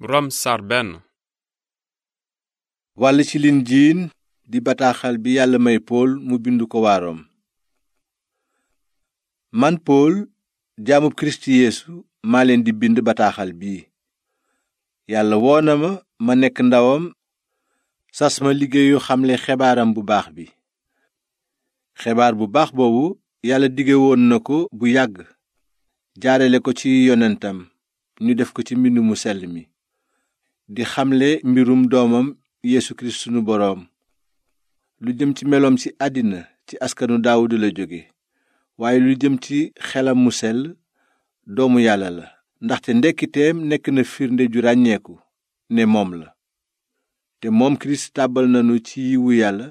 rom sar benn wàll ci lin jiin di bataaxal bi yàlla may pool mu bind ko waa rom man pool jaamub kiristu yeesu maa leen di bind bataaxal bii yàlla woo na ma ma nekk ndawam sas ma liggéeyu xamle xebaaram bu baax bi xebaar bu baax boobu yàlla dige woon na ko bu yàgg jaarale ko ci yonentam ñu def ko ci mbind mu sell mi di xamle mbirum doomam yeesu sunu boroom lu jëm ci meloom ci àddina ci askanu daawuda la jóge waaye lu jëm ci xelam mu sell doomu yàlla la ndaxte ndekkiteem nekk na firnde ju ràññeeku ne moom la te moom kirist tàbbal nanu ci yiwu yàlla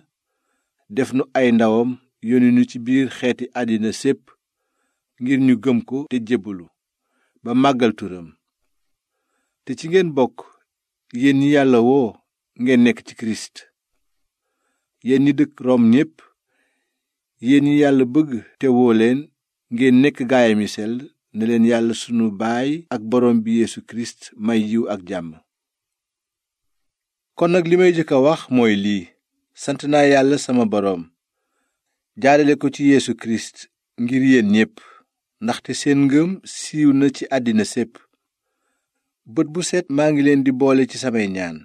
def nu ay ndawam yónni ci biir xeeti àddina sépp ngir ñu gëm ko te jébbalu ba màggal turam te ci ngeen bokk yéen ñi yàlla woo ngeen nekk ci kirist yéen ñi dëkk rom ñépp yéen ñi yàlla bëgg te woo leen ngeen nekk gaayam yi sell ne leen yàlla sunu baay ak borom bi yeesu kirist may yiw ak jàmm kon nag li may jëkk a wax mooy lii sant naa yàlla sama boroom jaarale ko ci yéesu kirist ngir yéen ñépp ndaxte seen ngëm siiw na ci àddina sépp bët bu set maa ngi leen di boole ci samay ñaan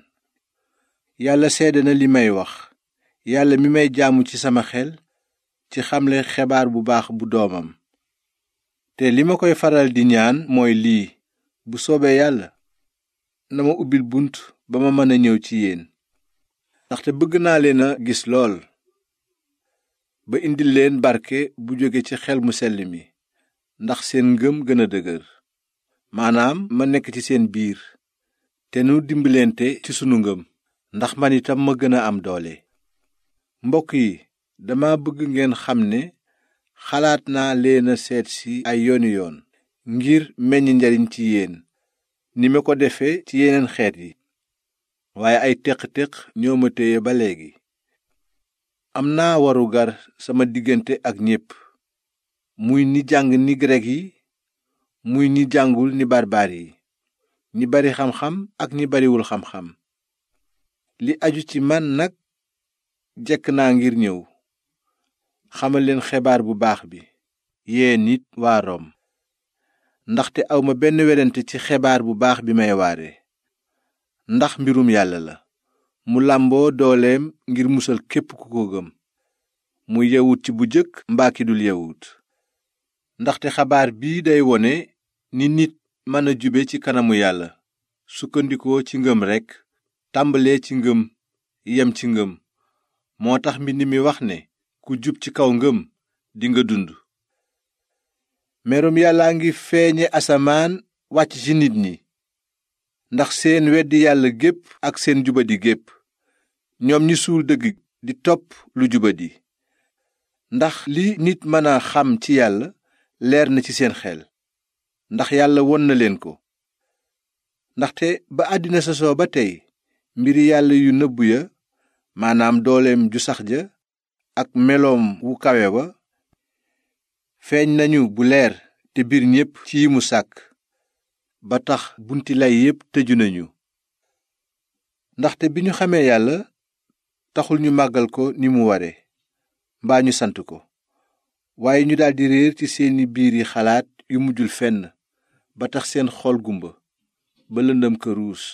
yàlla seede na li may wax yàlla mi may jaamu ci sama xel ci xamle xebaar bu baax bu doomam te li ma koy faral di ñaan mooy lii bu soobee yàlla na ma ubbil bunt ba ma mën a ñëw ci yéen ndaxte bëgg naa leen a gis lool ba indil leen barke bu jóge ci xel mu sell mi ndax seen ngëm gën a dëgër maanaam ma nekk ci seen biir te nu dimbalante ci sunu ngëm ndax man itam ma gën a am doole mbokk yi dama bëgg ngeen xam ne xalaat naa leena seet si ay yooni yoon ngir meññ njariñ ci yéen ni ma ko defee ci yeneen xeet yi waaye ay teq-teq ñoo ma téye ba léegi am naa warugar sama diggante ak ñépp muy ni jàng ni grek yi muy ñi jàngul ni bar yi ñi bari xam-xam ak ni bariwul xam-xam li aju ci man nag jekk naa ngir ñëw xamal leen xebaar bu baax bi yéen nit waa ndaxte awma benn werante ci xebaar bu baax bi may waare ndax mbirum yàlla la mu làmboo dooleem ngir musal képp ku ko gëm muy yawut ci bu jëkk mbaa ki dul yawut ndaxte xabaar bii day wone ni nit mën a jube ci kanamu yàlla sukkandikoo ci ngëm rekk tàmbalee ci ngëm yem ci ngëm moo tax mbind mi wax ne ku jub ci kaw ngëm dinga dund merum yàllaa ngi feeñe asamaan wàcc ci nit ñi ndax seen weddi yàlla gépp ak seen jubadi gépp ñoom ñi suul dëgg di topp lu juba di ndax li nit mën a xam ci yàlla leer na ci seen xel ndax yàlla won na leen ko ndaxte ba àddina sosoo ba tey mbiri yàlla yu nëbbu ya maanaam dooleem ju sax ja ak meloom wu kawe wa feeñ nañu bu leer te biir ñépp ci yi mu sàkk ba tax bunti lay yépp tëju nañu ndaxte bi ñu xamee yàlla taxul ñu màggal ko ni mu ware mbaa ñu sant ko waaye ñu daldi réer ci seeni biir yi xalaat yu mujjul fenn ba tax seen xool gumba ba lëndëm ka ruus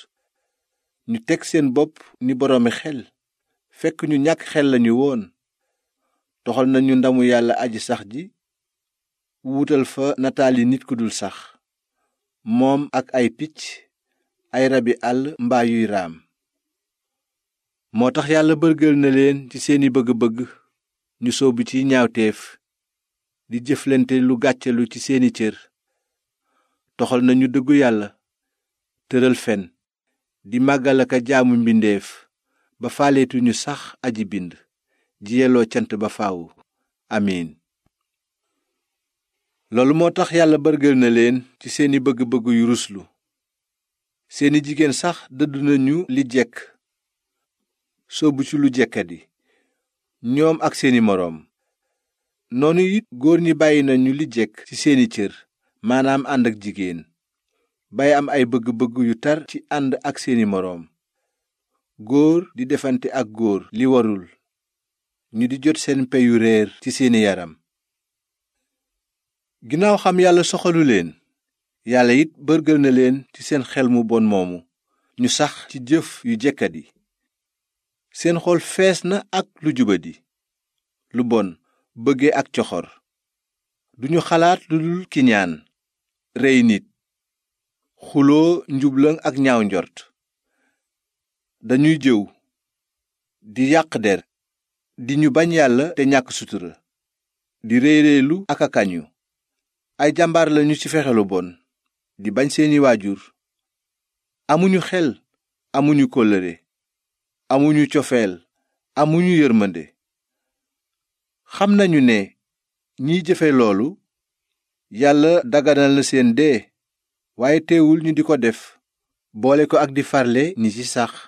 ñu teg seen bopp ni boroomi xel fekk ñu ñàkk xel lañu woon toxal nañu ndamu yàlla aji sax ji wuutal fa nataal yi nit ku dul sax moom ak ay picc ay rabi àll mbaa yuy raam moo tax yàlla bërgël na leen ci seeni bëgg-bëgg ñu soobu ci ñaawteef di jëflante lu gàccelu ci seeni cër toxal nañu dëgg yàlla tëral fen di màggal ak a jaamu mbindeef ba faaleetuñu sax aji bind ji yelloo cant ba faaw amiin loolu moo tax yàlla bërgël na leen ci seeni bëgg-bëgg yu ruslu seeni jigéen sax dëdd nañu li jekk soobu ci lu jekkadi ñoom ak seeni moroom noonu it góor ñi bàyyi nañu li jekk ci seeni cër maanaam ànd ak jigéen bay am ay bëgg-bëgg yu tar ci ànd ak seeni moroom góor di defante ak góor li warul ñu di jot seen peyu réer ci seeni yaram ginnaaw xam yàlla soxalu leen yàlla it bërgël na leen ci seen xel mu bon moomu ñu sax ci jëf yu jekkat yi seen xool fees na ak lu jubadi lu bon bëgge ak coxor duñu xalaat lu dul kiñaan rey nit xuloo njublaŋ ak ñaaw njort dañuy jëw di yàq der di ñu bañ yàlla te ñàkk sutura di réy réylu ak a kañu ay jàmbaar lañu ci fexe bon di bañ seeni waajur amuñu xel amuñu kóllëre amuñu cofeel amuñu yërmande xam nañu ne ñiy jëfe loolu yàlla daganal na seen dee waaye teewul ñu di ko def boole ko ak di farle ni ci sax